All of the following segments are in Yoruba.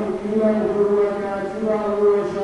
You are ve kulluğa ve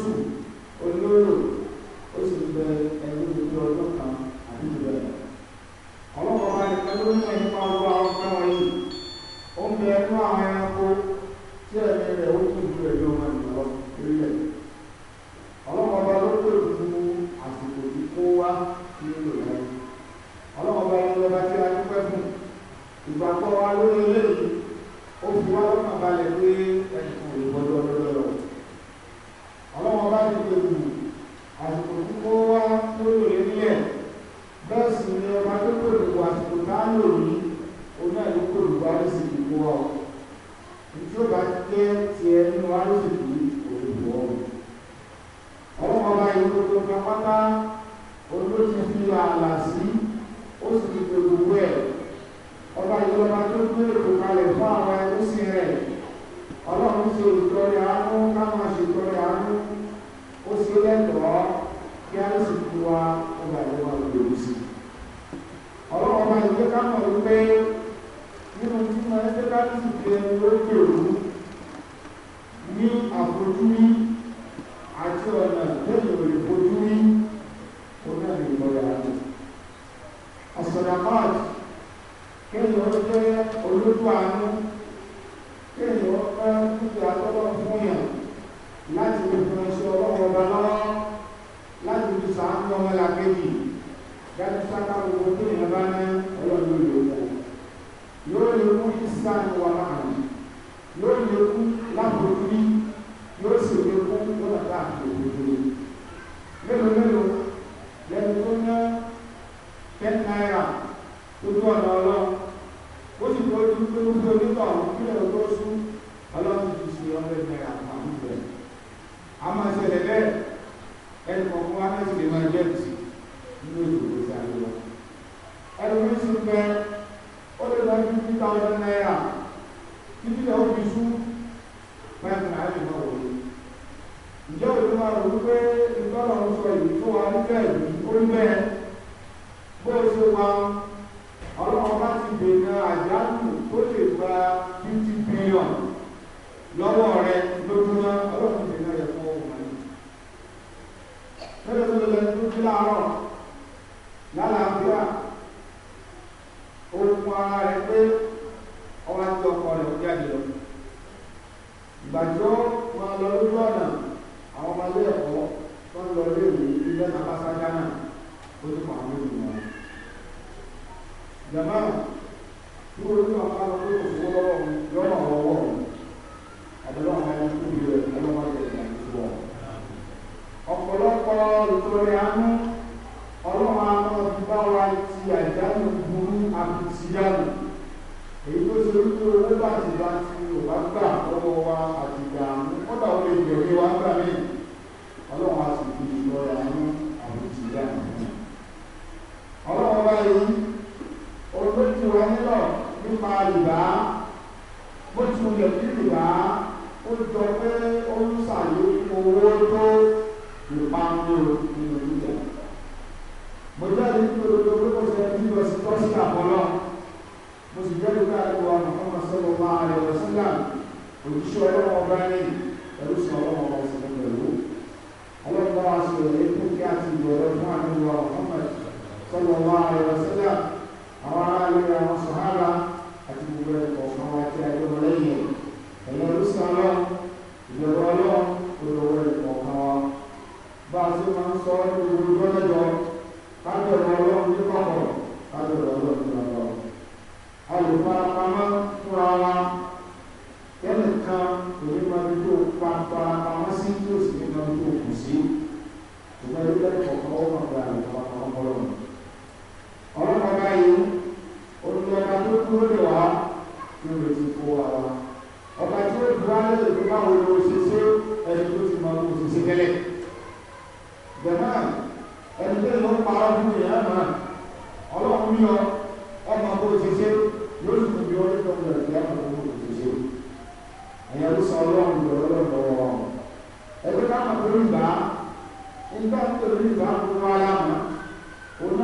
those who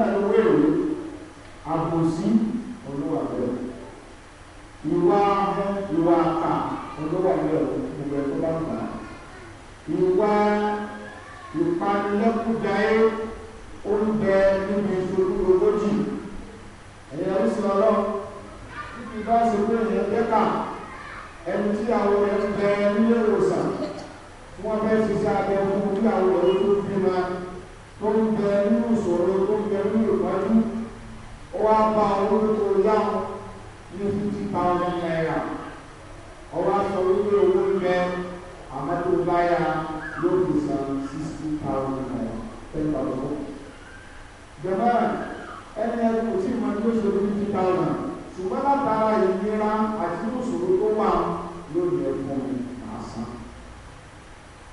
náà ló wéèrè àbòsí olówó àbẹ̀rẹ̀ ìwà ìwà àkà olówó àbẹ̀rẹ̀ gbogbo ẹ̀kọ́ bá gbà á ìwà ìpanilẹ́kùdáyé oúnjẹ nínú ìṣòro ogójì ẹ̀yẹ orísun ọlọ́ níbi bá ṣe pé èèyàn dẹ́ka ẹni tí àwọn ẹ̀ ń bẹ nílé ìwòsàn tí wọ́n fẹ́ ṣiṣẹ́ abẹ àwọn ẹ̀ tó bímọ tó ń bẹ nínú ìṣòro tó ń bẹ nínú ìpọ́njú ó wá bá owó tó yáwọn ní fifty thousand naira ó wá sọ wípé owó ń bẹ àmọ́ tó bá yá yóò fi san sixty thousand naira ten thousand. jọba ẹni ẹni kò tí ì mọ ní ó ṣe fifty thousand ṣùgbọ́n látara ìnira àti ìṣòro tó wà lónìí ẹ̀kọ́ mi àásán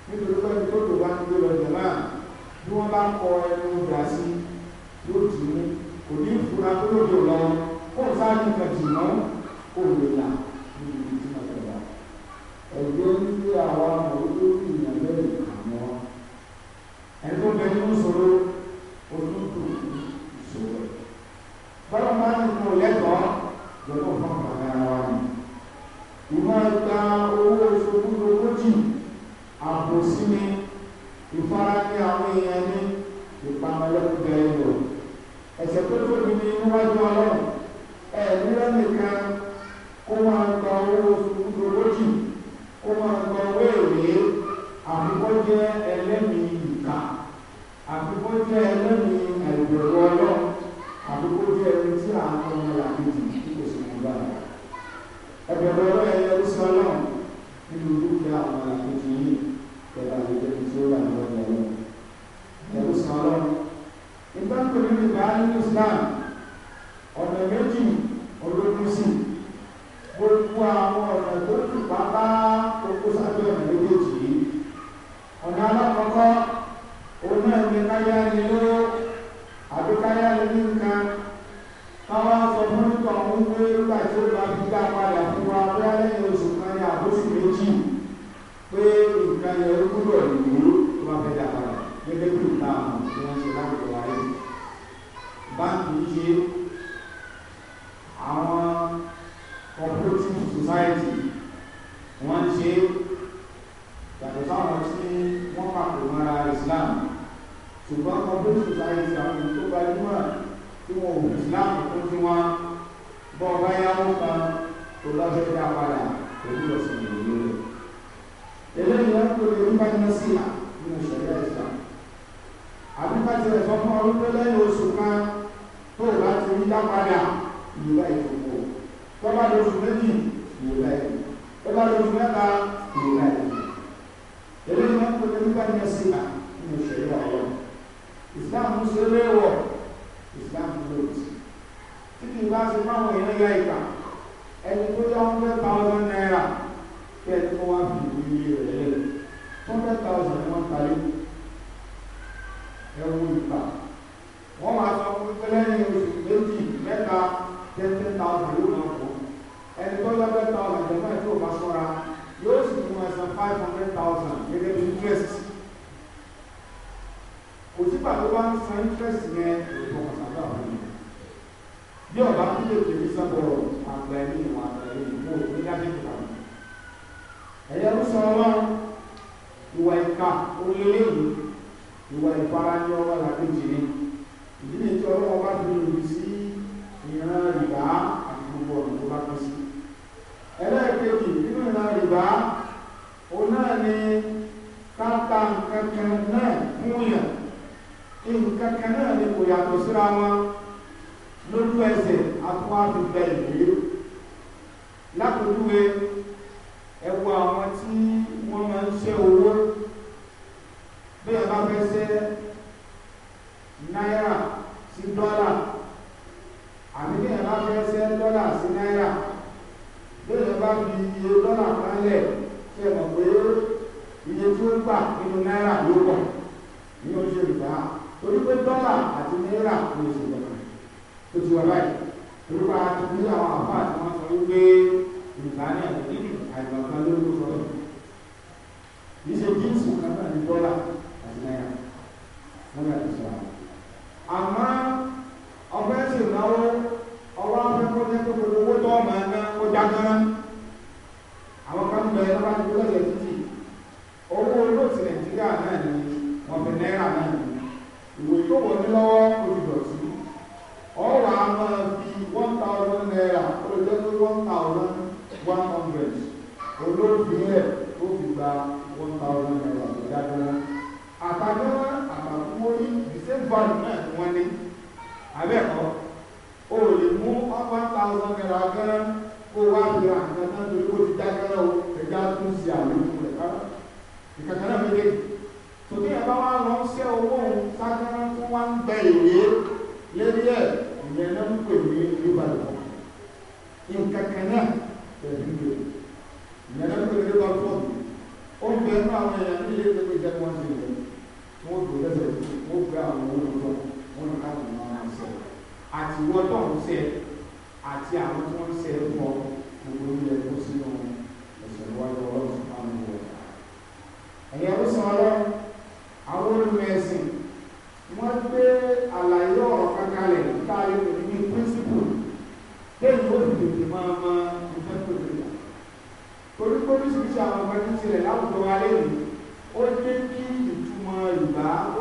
nítorí pé ẹni tó lò wá nílé lọ jẹ̀ bí wọ́n bá kọ ẹnu ọgbà sí yóò dì mú kò ní ìfura tó lóde ọ̀la kó n sáà nìkan dì mọ́ kó lè là níbi ìlú tí wọ́n gbà. ẹ̀jẹ̀ ní àwa mọ̀ lórí ìyàn lẹ́yìn àmọ́ ẹni tó bẹ nínú ìṣòro olóńtò ìṣòro bọ́lá máa ń mú lẹ́tọ̀ọ́ lọ́dọ̀ fún ọ̀gá wa ni. ìmọ̀ ìgbà owó oṣù kúndùn àbòsí ni ìfara ní àwọn èèyàn ní ìpamọ́ lọ́kùnjẹ ìlú ẹ̀sẹ̀ tó tóbi ní níwájú ọlọ́run ẹ̀ẹ́dúró nìkan kó máa gba ìsìláàmù ṣe léwọ̀ ìsìláàmù lòdì tí kì í bá ṣe fáwọn èèyàn ya ìgbà ẹni tó yá one hundred thousand naira kí ẹni tó wá fi ìwé rẹ̀ lẹ́nu one hundred thousand ni wọ́n parí ẹrù ìgbà wọ́n máa sọ fún pé lẹ́yìn oṣù méjì mẹ́ta ten ten thousand yóò máa pọ̀ ẹni tó yá one thousand jẹ́ náà tó yóò sì fún ẹ̀sán five hundred thousand gẹ́gẹ́ bí interest nígbà tó bá ń san interest yẹn ìwọ̀n sábà wọ́n yẹn bí ọba tó lè tèmi sọ́kọ̀rọ̀ àgbà ẹni ìwọ̀n àgbà ẹni ìwọ̀n òní lábẹ́ ìgbà wọn ẹ̀yẹ ló sọ wọn ìwà ìka orílẹ̀-èdè ìwà ìpara ní ọwọ́ làkejì ni ìdí ni tí ọlọ́wọ́ bá fi lòdì sí ìran rìbá àti gbogbo ọ̀nà tó bá pín sí ẹlẹ́ẹ̀kejì nínú ìran rìbá òun náà ni káńtà kankan náà múyàn nǹkan kan náà ni kò yàtọ̀ síra wọn lójú ẹsẹ̀ àtúwá fi gba ìwé lápòjúwe ẹ wo àwọn tí wọ́n máa ń ṣe owó bí ẹ bá fẹ́ ṣe náírà sí dọ́là àbí bí ẹ bá fẹ́ ṣe dọ́là sí náírà bí ẹ bá fi iye dọ́là kan lẹ̀ ṣe mọ̀ pé iye tí ó gbà nínú náírà ló pọ̀ ní oṣù ìgbà torí pé dọ́là àti náírà kò lè ṣe ìjọba tó ti wà báyìí torí pé a ní àwọn àbá àti wọn sọ wípé ìgbà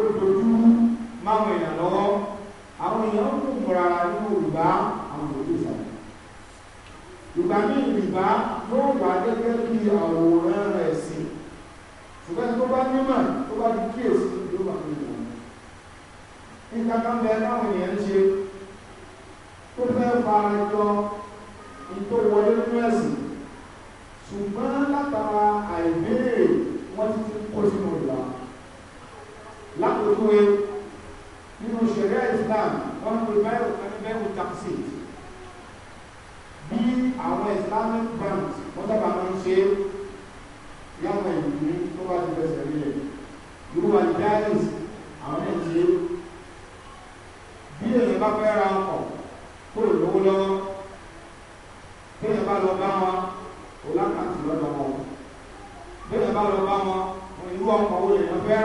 ó dojú máwọn èèyàn lọ́wọ́ àwọn èèyàn ń kún mọ́ra ní Yorùbá àwọn òbí ìsàlẹ̀ Yorùbá ní Yorùbá yóò wà gẹ́gẹ́ bí àwòrán rẹ̀ sí ṣùgbọ́n tó bá nímọ̀ tó bá di kíyèsí yóò wà ní Yorùbá nígbà kan bẹ táwọn èèyàn ṣe tó fẹ́ fara jọ ìtò wọlé nínú ẹ̀sìn ṣùgbọ́n látara àìbéèrè wọ́n ti kó sínú lápòjúwe nínú ṣẹ̀ríà Islam wọ́n ń pè bẹ́ẹ̀rù taxit bí àwọn Islamic banks wọ́n sábà máa ń ṣe yàtọ̀ ìlú tó bá ti fẹsẹ̀ rí ẹ̀ irú àdìdáyìs àwọn ẹ̀ ṣe bí èèyàn bá fẹ́ ra ọkọ̀ tó lè lówó lọ́wọ́ bẹ́ẹ̀ bá lọ bá wọn ò lákàtì lọ́dọ̀ wọn bẹ́ẹ̀ bá lọ bá wọn ìlú ọkọ̀ wo lè lọ fẹ́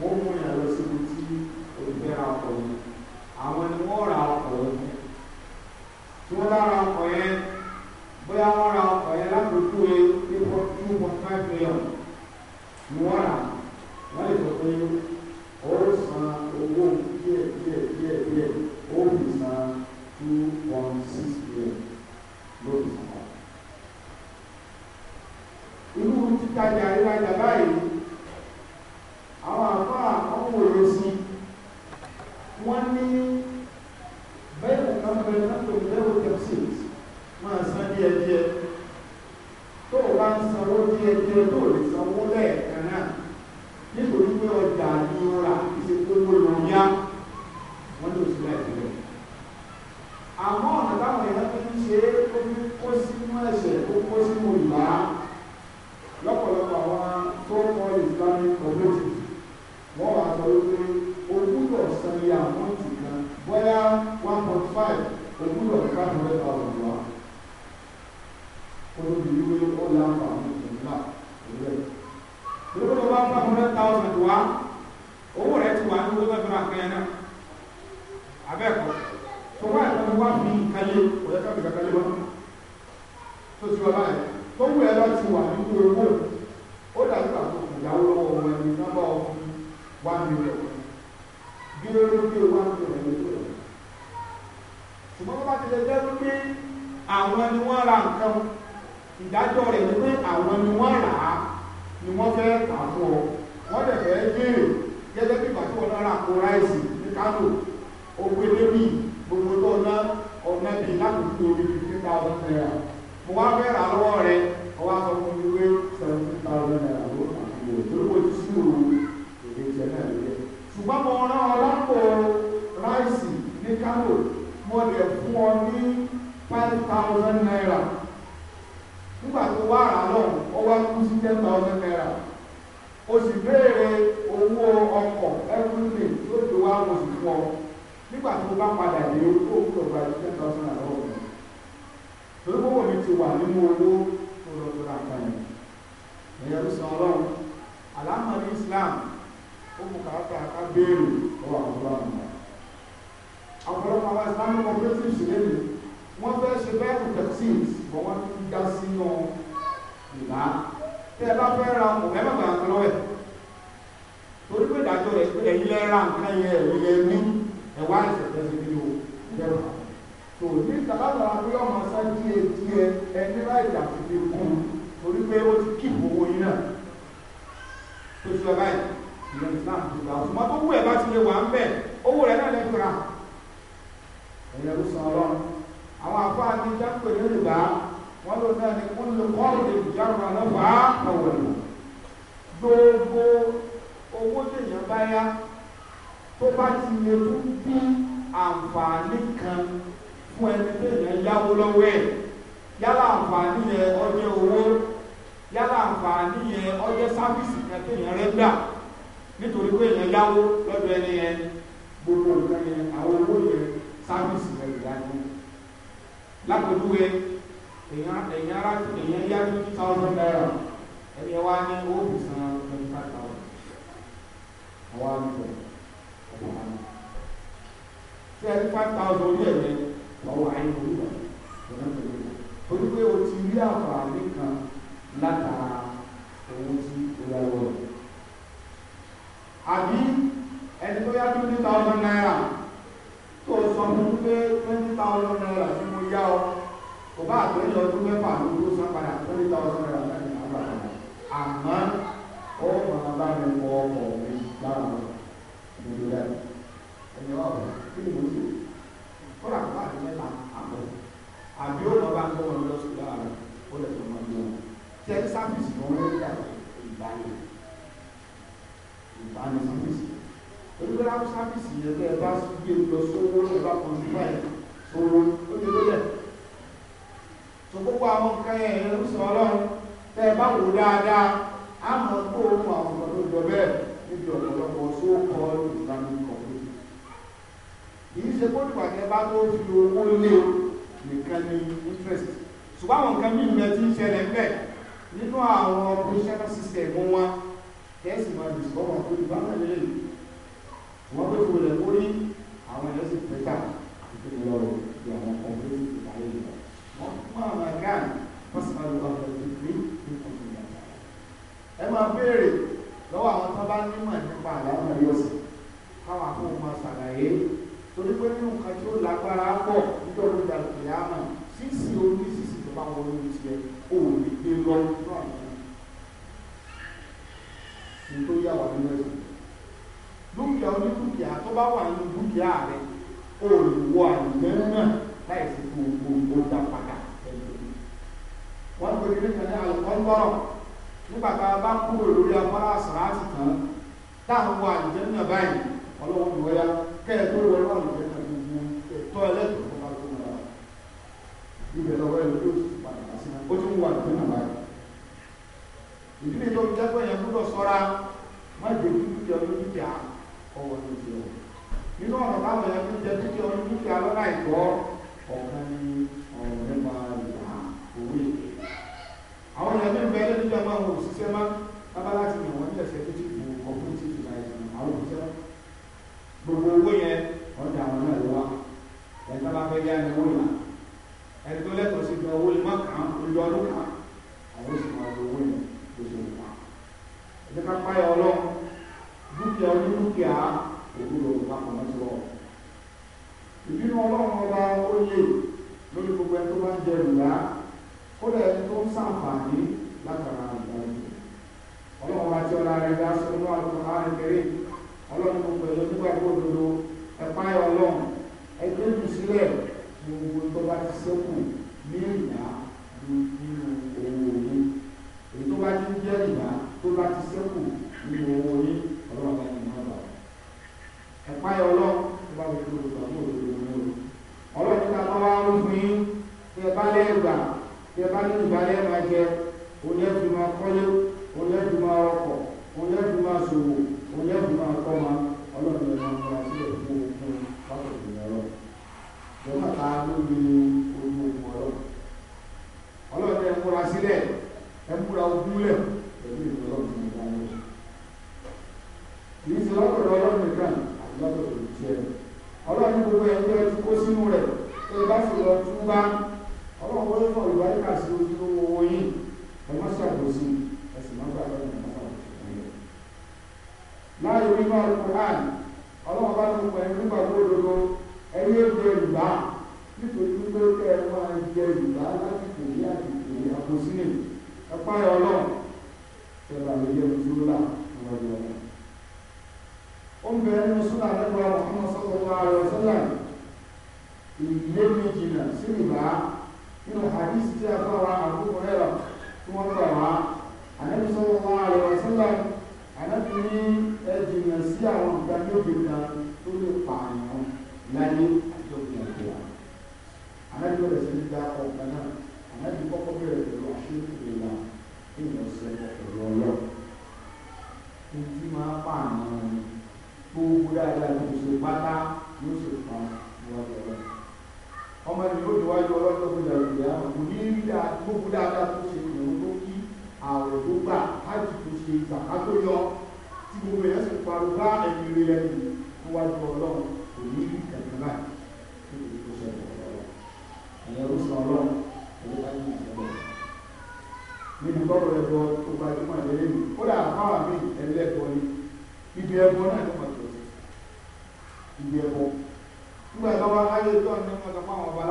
wọ́n mú yàn lọ síbi tí olùfẹ́ ra ọkọ̀ yẹn àwọn ni wọ́n ra ọkọ̀ yẹn tí wọ́n bá ọkọ̀ yẹn bóyá wọ́n ra ọkọ̀ yẹn lágbègbè yẹn e ní two point five million ni wọ́n rà wọ́n lè sọ pé ó san owó díẹ̀ díẹ̀ díẹ̀ díẹ̀ ó fi san two point six million ló fi san. títajà ìrajà báyìí. o sì béèrè owó ọkọ̀ ẹ́fúnlẹ̀ tó ti wá o sì fún ọ nígbà tí mo bá padà dé owó òkúrò gba ju ten thousand naira lọ́wọ́ mi torí gbogbo mi ti wà nínú owó tó lọ tó ra nǹkan yẹn ẹ̀yẹ ló sọ ọlọ́run àlámọ̀ ní Islam ó mú kàákà ká béèrè lọ́wọ́ àwọn ọlọ́run náà àwọn ọlọ́run àwọn Islamic cooperatives lẹ́nu wọ́n fẹ́ ṣe bẹ́ẹ̀ kù tẹ̀síìsì fẹ́ ra kò mẹ́fà gbà kan lọ́wẹ̀ torí pé ìdájọ́ rẹ̀ pé ẹ̀yin lẹ́ ra nǹkan yẹn ẹ̀yin lẹ́ ní ẹ̀wá ìṣẹ̀lẹ̀ ṣe bí o lẹ́rọ tó ní ìtàkàtà pé ọmọ sá díẹ̀ díẹ̀ ẹni láì dàbí fi kún torí pé ó ti kí ìwòwò yín náà tó ṣe ọba yìí ìyẹn Islam ti gbà ọ̀sùn mọ́tò wú ẹ̀ bá ti lè wà ń bẹ̀ owó rẹ̀ náà lẹ́fẹ̀ ra ẹ̀yẹ ló sọ ọlọ́run àwọn àfáà ní dáńpẹ̀ lórí gbàá wọ́n ló náà ní kúlù kọ́ọ̀dì ìjọba náà bá ọ̀wọ̀ lò gbogbo owó tèèyàn bá yá tó bá ti lè tún bí àǹfààní kan fún ẹni tèèyàn yáwó lọ́wọ́ ẹ̀ yálà àǹfààní yẹn ọjọ́ owó yálà àǹfààní yẹn ọjọ́ sáfíìsì kan tèèyàn rẹ̀ gbà nítorí pé èèyàn yáwó lọ́dọ̀ ẹni yẹn gbogbo nǹkan yẹn àwọn owó yẹn sáfíìsì rẹ̀ gbà lápẹ̀lú yẹn èèyàn èèyàn èèyàn yá two thousand naira ẹni wá ní owó san twenty five thousand àwọn àgbẹ̀ ọ̀pọ̀ àná tí ẹni five thousand orí ẹ̀yẹ ọwọ́ ayé orí rẹ̀ lọ́nà pẹ̀lú rẹ̀ àbí bá àgbẹ̀ lọ ọdún mẹ́fà ló ló san padà twenty thousand naira láti àgbà padà àmọ́ ó máa bá mi wọ ọkọ̀ mi lára wọn lórí rẹ̀ ẹ̀yìn wà wọ̀ kí ni mo ti ó rà bá àgbẹ̀ mẹ́ta àbọ̀ àbí ó lọ bá gbọ́ wọn lọ sí lára rẹ̀ ó lè tó máa gbé wọn tẹ́lí sáfìsì ló ń wọ́n ìbáyé ìbáyé sáfìsì olùgbéra sáfìsì yẹn kẹ́ ẹ bá gbé lọ sówó ló bá kọjú tó gbogbo àwọn nǹkan yẹn ìrìn ló sọ ọlọ́run tẹ́ ẹ bá wò dáadáa á mọ̀ kó o mọ àwọn ọ̀dọ́ tó jọ bẹ́ẹ̀ níbi ọ̀pọ̀lọpọ̀ tó kọ́ yorùbá ní kì í ṣe kó tẹ́ bá tó fi owó lé o nìkan ní interest ṣùgbọ́n àwọn nǹkan mí ìgbẹ́ ti ń ṣẹlẹ̀ bẹ́ẹ̀ nínú àwọn operational system wọn tẹ́sí máa dìsọ́wọ́ tó dìbà náà lélẹ̀ wọ́n tó fi wọlé lórí àwọn ẹ̀yọ́ sì pẹ́ta ìpínlẹ̀ ọ̀rọ̀ مهما كان فاسأل الله الذكر من فضل الله ẹ máa béèrè lọ́wọ́ àwọn tó bá nímọ̀ nípa àlàáfíà yọ̀sìn káwọn akóhùn máa ṣàlàyé torí pé nínú nǹkan tí ó lágbára pọ̀ nítorí ìdàgbé àmà sísì orí sísì tó bá wọlé ní tiẹ̀ ó lè gbé lọ nínú àwọn ní tó yà wà nínú ẹ̀sìn dúkìá onídúkìá tó bá wà nínú dúkìá rẹ̀ ó lè wọ àlùmẹ́rún náà láì sí pé nípa ní alùpọ̀nbọ̀rọ̀ nígbà tá a bá kúrò lórí afárá àsàrátì tán táwọn wà àlùjẹ́ náà báyìí ọlọ́wọ́ mi wọ́yá kẹ́ẹ̀ tó wọlé wà àlùjẹ́ náà gbogbo ẹ̀tọ́ ẹlẹ́tọ̀ọ́ tó bá tó wọlé wa ibẹ̀ lọ́wọ́ ẹ̀ lójú pàtàkì sí ó tún wà àlùjẹ́ náà báyìí ìdí ni tó ń jẹ́ pé yẹn gbúdọ̀ sọ́ra má jẹ́ kí ẹni tó bá fẹ́ yá ni owó yàn ẹni tó lẹ́tọ̀ọ́ sí gbọ́ owó lè má kàn án ojú ọdún kàn án àwọn sì máa lo owó yẹn lóṣù nípa ẹni ká páyà ọlọ́run dúkìá onídúkìá òwúrò papọ̀ mọ́ sí wọ́n ìbínú ọlọ́run ọba ó lè lórí gbogbo ẹni tó bá ń jẹ ìrìnà kódà ẹni tó ń sàǹfààní látara ìgbàlódé ọlọ́run ọba tí ọlá rẹ̀ dá sí inú àlùkò àárín kẹrin ọlọ́run gbogbo ẹ̀ lójúgbà ìgbòdodo ẹ̀pá ẹ̀ ẹgbẹ́ jù sílẹ̀ gbogbo tó bá ti sẹ́kù ní ìyá nínú owó yín èyí tó bá ti ń jẹ́ ìyá tó bá ti sẹ́kù nínú owó yín ọlọ́run bá ti mọ́ ọ̀rọ̀ ẹ̀pá ẹ̀ ọlọ́run tó bá ti kúrò lọ́wọ́ ní òdodo ní òru ọlọ́run nígbà tó wá ń fún yín tí ẹ bá lẹ́yìn gbà tí ẹ bá nínú ìbálẹ̀ máa jẹ òun yẹn fi máa kọ́lé òun yẹn fi máa rọkọ̀ òun yẹn fi máa ṣòwò òun yẹn fi máa kọ́ máa ọlọ́run lè máa ń gba sílẹ̀ fún 我他单位。ṣe ìgbàgbá tó yọ tí gbogbo èèyàn sì parọ́ bá ẹni rí lẹ́nu níwájú ọlọ́run kò ní ẹ̀kan báyìí tó lè kó sọ ìwọ̀n ọlọ́run ẹ̀yẹ ló sọ ọlọ́run ẹ̀yẹ bá yí ìjọba níbi bọ́ọ̀lù ẹ̀bọ tó gbajúmọ̀ ẹ̀lẹ́lẹ́ mi ó dà fáwọn mi ẹlẹ́bọ ni ibi ẹbọ náà ló pàtó ibi ẹbọ nígbà ìjọba ayé tó ń ní wọn lọ ọba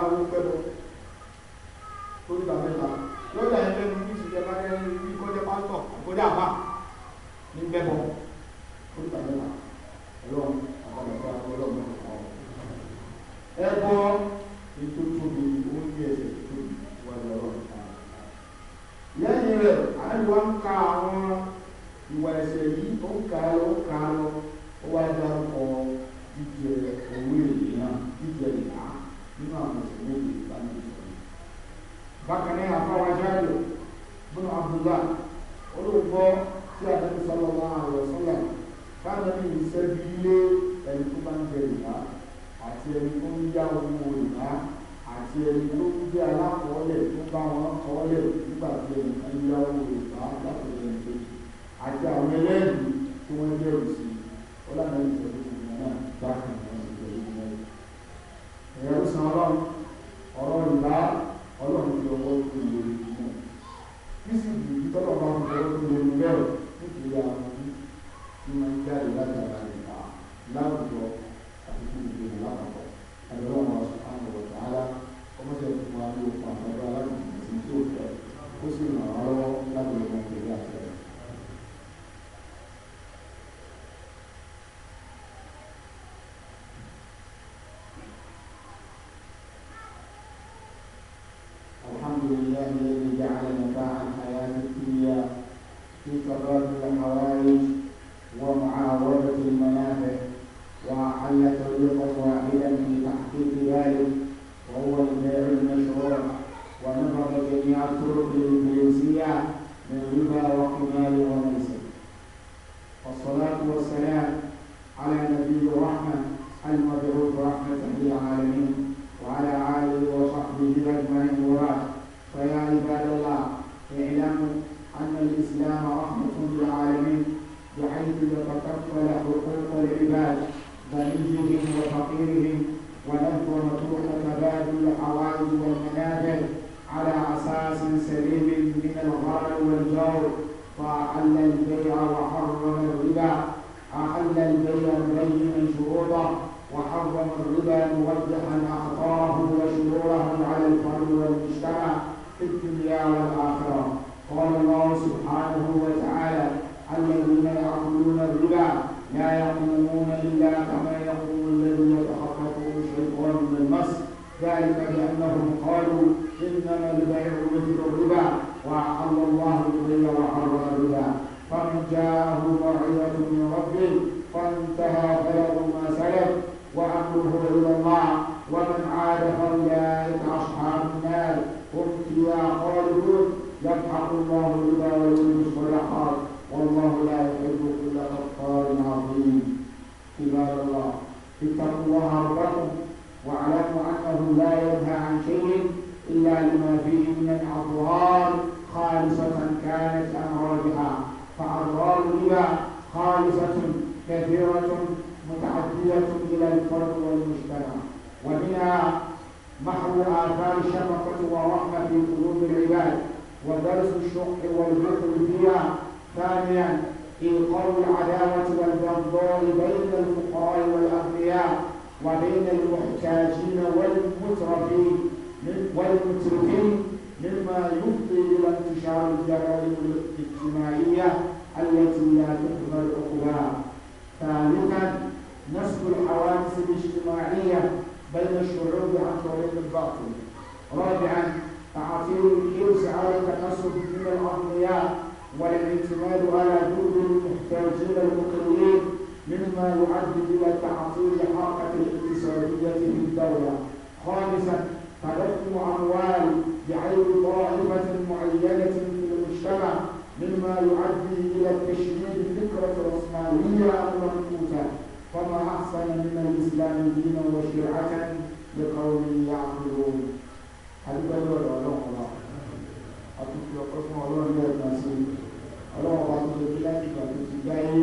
وأحل الله الحل وحرم الربا فمن جاءه موعظة من ربه فانتهى فله ما سلف وأمره إلى الله ومن عاد فأولئك أصحاب النار هم فيها خالدون يمحق الله الربا ويريد الصدقات والله لا يحب كل كفار عظيم عباد الله اتقوا الله ربكم واعلموا انه لا ينهى عن شيء الا لما فيه من الاضرار خالصة كانت أم رابحة فأضرار الربا خالصة كثيرة متعددة إلى الفرد والمجتمع ومنها محو آثار الشفقة والرحمة في قلوب العباد ودرس الشح والبخل فيها ثانيا إلقاء العداوة والبغضاء بين الفقراء والأغنياء وبين المحتاجين والمترفين والمترفين مما يفضي انتشار الجرائم الاجتماعية التي لا تقبل عقباها ثالثا نسب الحوادث الاجتماعية بين الشعوب عن طريق الباطل رابعا تعطيل الحرص على التكسب من الاغنياء والاعتماد على جهد المحتاجين المقلين مما يؤدي الى تعطيل حركة الاقتصاديه في الدوله خامسا تلقي اموال بعين طائفه معينه المجتمع مما يؤدي إلى تشييد الفكرة العثمانية المنقوطة فما أحسن من الإسلام دينا وشرعة لقوم يعقلون àdúgbò ẹgbẹ́ ọ̀dọ̀ ọlọ́run ọba àtúntò ọ̀pọ̀ fún ọlọ́run lẹ́ẹ̀kan sí ọlọ́run ọba tó ṣe kí láti ìgbà tó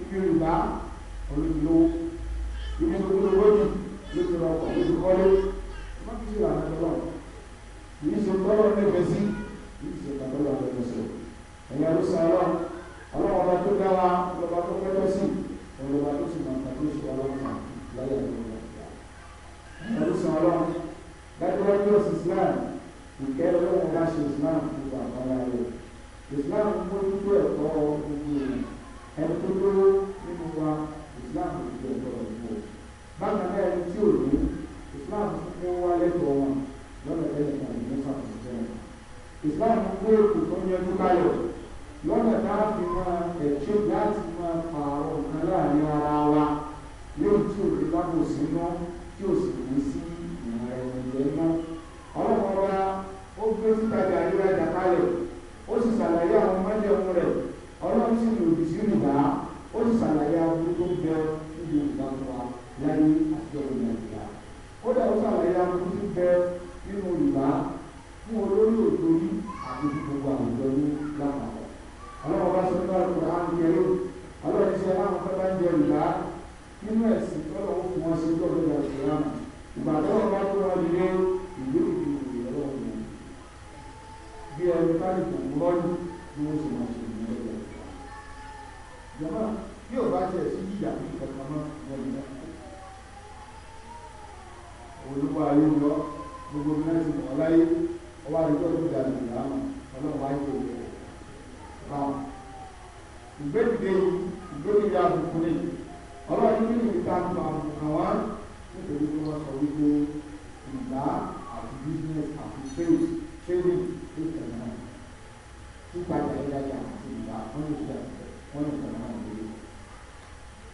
ibi olùbá olùdílówó ibi tó gbọ́dọ̀ lójú ló ti rọ ọkọ̀ ló ti kọ́lé má fi sí ìlànà tọ́lọ̀ yìí ṣe tọ́lọ̀ nífẹ̀ẹ́ sí yìí ṣe tọ́lọ̀ nífẹ̀ẹ́ sí ẹ̀yà ló sọ ọlọ́run ọlọ́run ọba tó dára ọlọ́ba tó pẹ́lẹ́ sí ọlọ́ba tó sì máa tàbí oṣù ọlọ́run láyé ọlọ́run Islam ìkẹ́ ọlọ́run ọba Islam gbogbo àgbáyé Islam ẹ̀kọ́ gbogbo ènìyàn ẹni tó lówó nínú wa islam ti jẹ ìjọba ìbò bákan náà ẹni tí ò ní islam ti fi wá lẹ́tọ̀ọ́ wọn lọ́nà ẹ̀yẹ kan ìlú sàkóso islam gbé èkó tó ń yẹnu káyọ̀ lọ́nà táà fi máa ẹ̀jẹ̀ láti máa pààrọ̀ nǹkan láàrin ara wa yóò tí ò ní lábò sínú tí ò sì ní sí ìrìn ẹ̀wọ̀n ìjẹ́ náà ọlọ́mọba ó gbé títajà ìrẹ́jà kalẹ̀ ó sì ṣàlàyé àwọn yorùbá ó sì ṣàlàyé aburú tó ń bẹ níbi yorùbá fún wa láyé àtijọ́ ìlú nàìjíríà ó dẹ̀ ó ṣàlàyé aburú tó ń bẹ nínú yorùbá fún olórí òdòrí àti gbogbo àwùjọ ní lápapọ̀ ọlọ́wọ́ bá sọ nípa ìkọ̀rọ̀ àwọn ìyẹn ọlọ́wọ́ ti ṣe aláwọ̀ fẹ́ bá ń jẹ yorùbá nínú ẹ̀sìn ọlọ́wọ́ fún wọn ṣe gbọ́dọ̀ lọ sí ọ̀nà ìgbà tó wọn bá tó wọn lé ìlú ìlú ìlú ọlọ́wọ́ bí ẹni ká lè kò gbọ́dọ̀ bí wọ́n ṣe máa ṣe jọ̀mọ́ bí ò bá tẹ̀ sí ìyà ní kankan mọ́ lẹ́yìn náà olúwa ayé lọ gbogbo mẹ́rin mọ̀ láyé ọwọ́ àdúgbò tó dà nù lánà ọlọ́run wáyé tó yẹ báwọn ìgbẹ́dìde ìgbẹ́dìde ni ọlọ́run ní ìta tó àbùkù wá nítorí tí wọ́n sọ wípé ìlà àti business àti sales trading ló tẹ̀lé náà nípa ìdájọ́ wọ́n ní kùnà náà lórí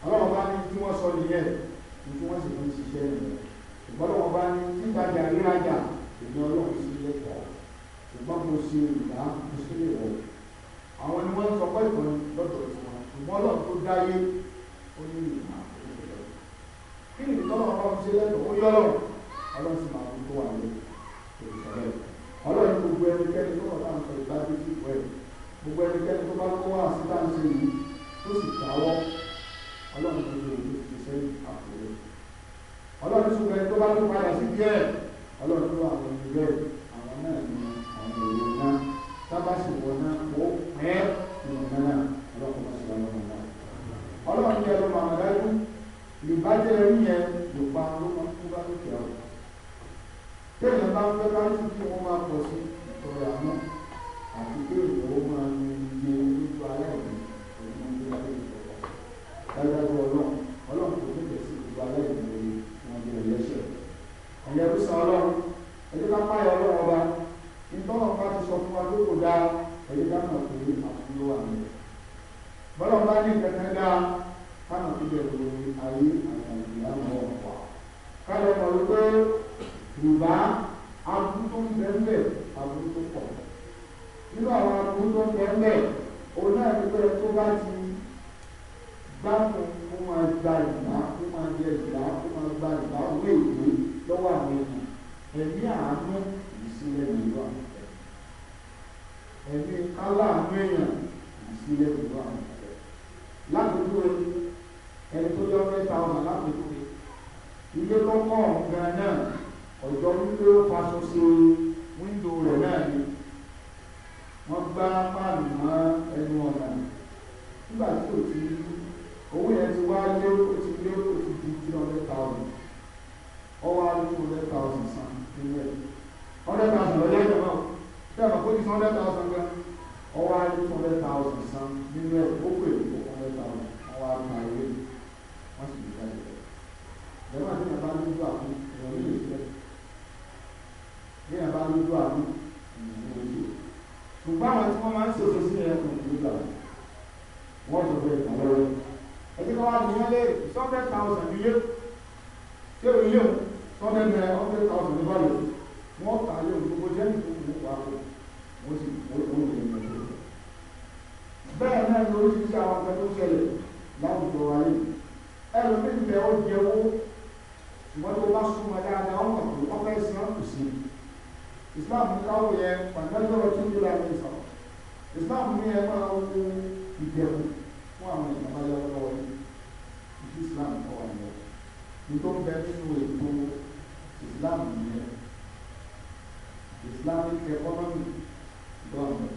ọlọ́run bá ní tí wọ́n sọ nìyẹn ní tí wọ́n sì fi ṣiṣẹ́ rẹ̀ ṣùgbọ́n wọn bá ní nígbàjà rírajà èmi ọlọ́run sí ilé ẹ̀kọ́ ṣùgbọ́n mo ṣe ìdá mo ṣe lè wọ̀ àwọn ni wọ́n ń sọ pé ìkànnì lọ́dọ̀ ìfọ̀n ṣùgbọ́n ọlọ́run tó dáyé ó ní ìmọ̀ kí ni ọlọ́run ṣe lẹ́tọ̀ọ́ ó yọ́rọ̀ ọlọ́run sì máa gbogbo ẹnikẹ́ni tó bá kó wá sí láǹṣẹ́ yìí tó sì káwọ́ ọlọ́run tó lè ní fi sẹ́yìn àpòrẹ́ ọlọ́run tó bẹ̀rẹ̀ tó bá tó padà sí díẹ̀ ọlọ́run tó àwọn ìrẹ́ àwọn náà ní àwọn èèyàn náà sábà sì wọ náà ó pẹ́ nínú náà ọlọ́run máa ṣe wà lọ́wọ́ náà ọlọ́run ní ẹlọ́mọ àwọn dájú ìbájẹ́ rí yẹn ló pa ló máa kú bá lókè àwọn téèyàn bá àti pé ìyàwó máa ń yẹ lójú aláìní òun máa ń gbé ayé ìjọba dájúdájú ọlọ́run ọlọ́run kò tètè sí ìlú aláìní òye wọn bí ẹlẹ́ṣẹ̀ ẹ̀yẹ ló sọ ọlọ́run ẹ̀jẹ̀ ká páyà ọlọ́run ọba nítorí wọn bá ti sọ fún wa pé kò dáa ẹ̀jẹ̀ ká mọ̀ pé àfúnlọ́ wà ní wípé yorùbá abúlé tó ń bẹ́ẹ̀ bẹ́ẹ̀ tó pọ̀ nínú àwọn aburú tó ń bẹ ń bẹ òun náà ni pé tó bá ti gbáfún kó máa gba ìgbà kó máa jẹ ìgbà kó máa gba ìgbà owó ìwé lọ́wọ́ àwọn èèyàn ẹ̀mí àánú ìsílẹ̀ nìlú àwọn ìfẹ́ ẹ̀mí kálá àánú èèyàn ìsílẹ̀ nìlú àwọn ìfẹ́ lákòókò ẹni tó yọ mẹ́ta ọ̀nà lákòókò ilé tó kọ́ ọ̀hún gan náà ọ̀jọ́ wípé ó faṣọ ṣe wíńdò rẹ̀ náà ni wọ́n gbá páànù mọ́ ẹnu ọ̀nà nígbà tí kò ti owó yẹn ti wá lé ó ti lé ó ti di three hundred thousand ọwọ́ á lé two hundred thousand san nínú ẹ̀ hundred thousand lọ́jọ́ gan ọwọ́ ó pè é ọwọ́ wọ́n sì jáde rẹ̀ àti ṣùgbọ́n àwọn tí wọ́n máa ń ṣètò sí ẹ̀yẹ kò ní gbà wọ́n sọ pé ìtàn lọ́wọ́ ẹtí kan wá ní wọ́n lé sọ́kẹ́ tàwùsàn ní yé tí ò yé sọ́kẹ́ mẹ ọ́kẹ́ tàwùsàn ní báyìí wọ́n kà á lé jẹ́ nìkú kò wọ́n sì wọ́n lè mọ̀ tó. bẹ́ẹ̀ náà ló ti ṣe àwọn akẹ́kọ̀ọ́ ṣẹlẹ̀ láwùjọ wáyé ẹlòmíì bẹ́ẹ̀ ó jẹ́wọ́ ṣùgbọ́n tó bá súnmọ́ dáadáa ọ Islam káwọ yẹ pàtàkìlọ́wọ́ tí ó dúró àwọn Islam ní ẹ máa ń mú ìdẹ̀kùn fún àwọn ìjọba lọ́wọ́ ní Islam kọ́ wa lọ ní tó Islam yẹn Islamic economy government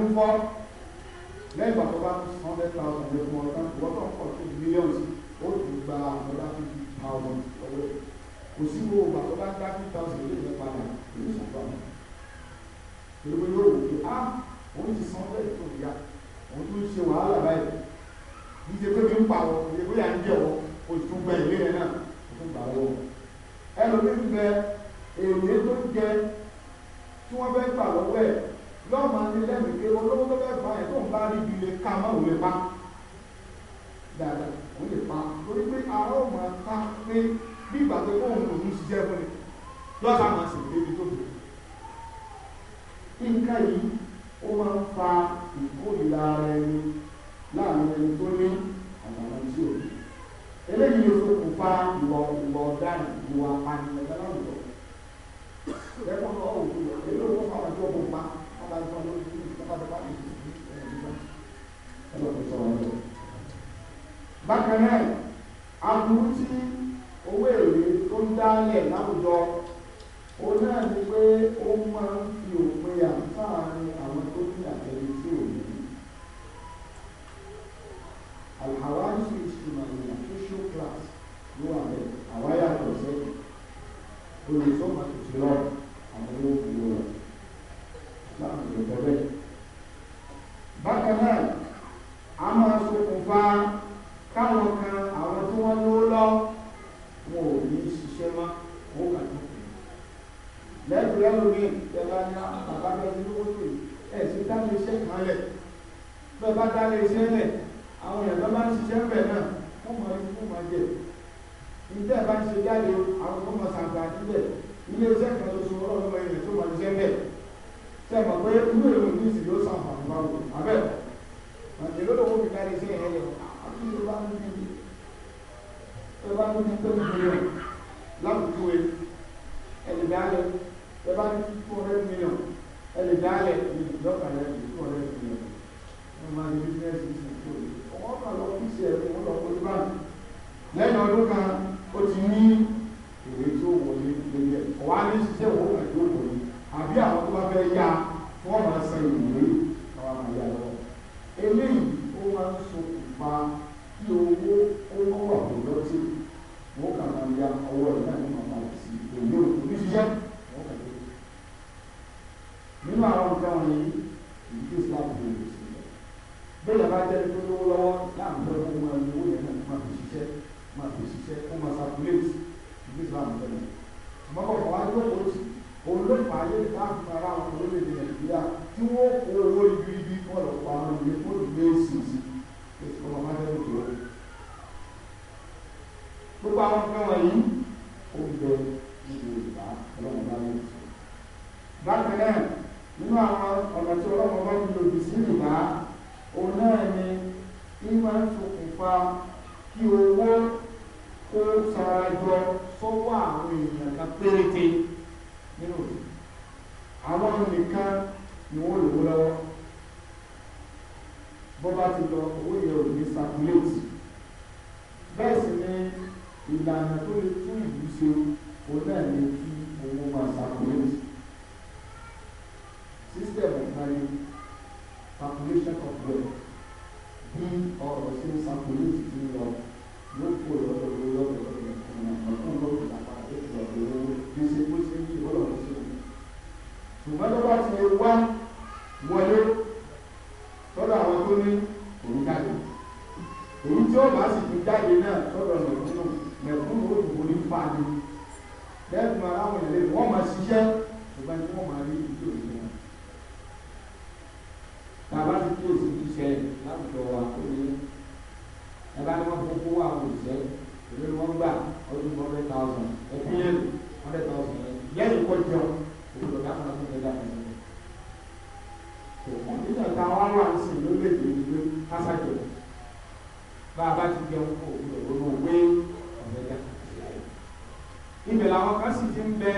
um curva much. ibẹ̀ làwọn kan sì ti ń bẹ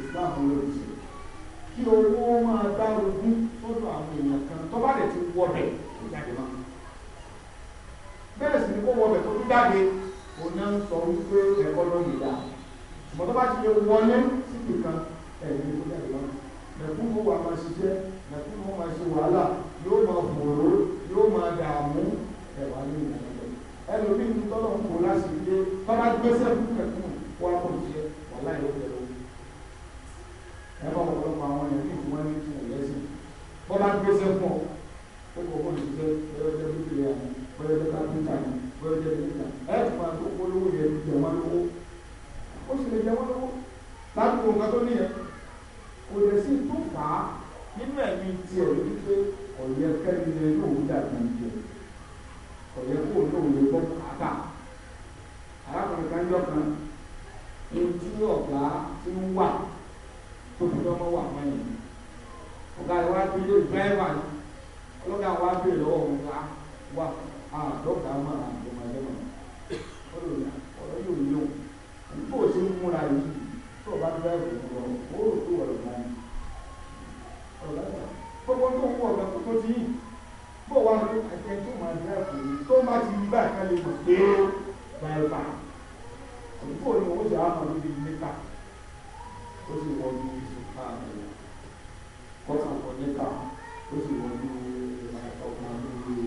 islam lórí kí owó máa dá ogún sọ́dọ̀ àwọn èèyàn kan tó bá lè ti wọbẹ̀ tó jáde máa bẹ́ẹ̀ sì ni kó wọbẹ̀ tó tún jáde òun náà ń sọ wípé ẹ̀kọ́ lóye dá ṣùgbọ́n tó bá ti lè wọlé síbi kan ẹ̀yìn tó jáde máa mẹ̀kúnnù wà máa ṣiṣẹ́ mẹ̀kúnnù máa ṣe wàhálà yóò máa fòró yóò máa dààmú ẹ̀wà ní ìlànà ẹlòmíì tọ́lọ̀ ń kó láti ilé tọ́lá gbèsè fún mẹ̀kúnnù wà kò ẹ bá ọ̀pọ̀lọpọ̀ àwọn èèyàn yìí wọ́n ní kí ẹ̀yẹ sí bọ́lá gbèsè pọ̀ ó kò bó lè jẹ́ bẹ́ẹ̀ jẹ́ bíbélì àná bẹ́ẹ̀ jẹ́ kápẹ́ntà ni bẹ́ẹ̀ jẹ́ bíbélì àná ẹ̀ fún àti olówó yẹn jẹ wọn lówó ó sì lè jẹ wọn lówó láti wo nǹkan tó ní yẹn kò lè sí tó fà á nínú ẹ̀mí tiẹ̀ lórí pé ọ̀yẹ́ kẹ́ni ni lóòó dàbí jẹ ọ̀yẹ́ kó lóòó lè gbọ́ kàkà arákùnrin kan jọ kan ojú ọ̀gá tí ń wà tóbi ọmọ wà mọ́ ẹ̀yìn ọ̀gá ẹ̀ wá bí ilé dírẹ́fà ni ọlọ́gá wa bèèrè lọ́wọ́ òun wá wà á dọ́gba mọ́ àgbọ̀mọ̀lẹ́mọ̀ ọlọ́yà ọ̀rọ̀ yóò yọ nígbà òsì ń múra yìí tó o bá dírẹ́fà lọ ó tó wọ̀rọ̀ náà ni ọ̀gá ẹ̀ tó ń wọ̀ ọ̀gá tó ti yìí bó wá ní àti ẹni tó máa dírẹ́fà yìí tó má ti yí báyìí ká lè mọ̀ pé dírẹ́fà ó sì wọnú ìfipá rẹ̀ kọ́sàkọ́ níkà ó sì wọnú ọgbà lórí.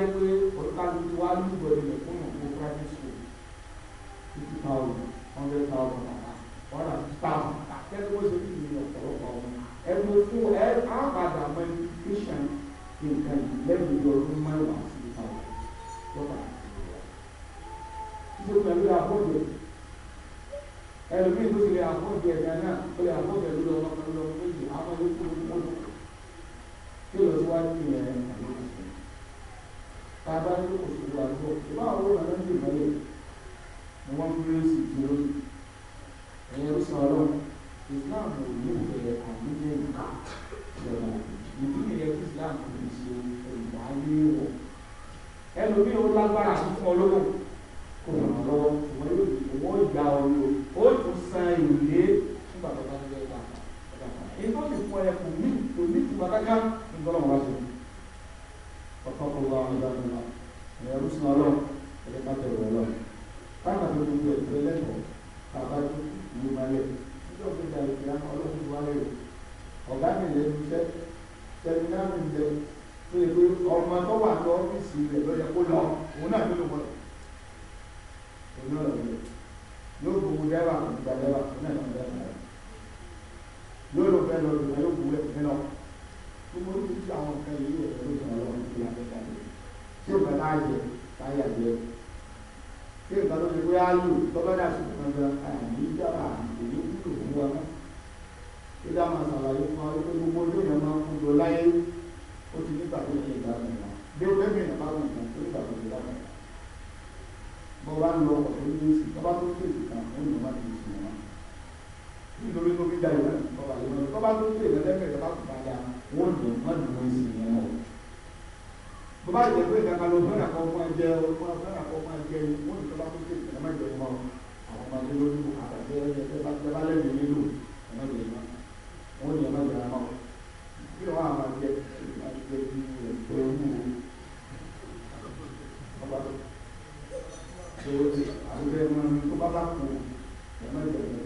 なるべく wọn ìdí nìyẹn Islam kò ní ṣe olùwárí wọn ẹlòmíràn ó lágbára àti fún ọlọ́run. ṣòro ti àbúrò ẹ̀ máa ń tó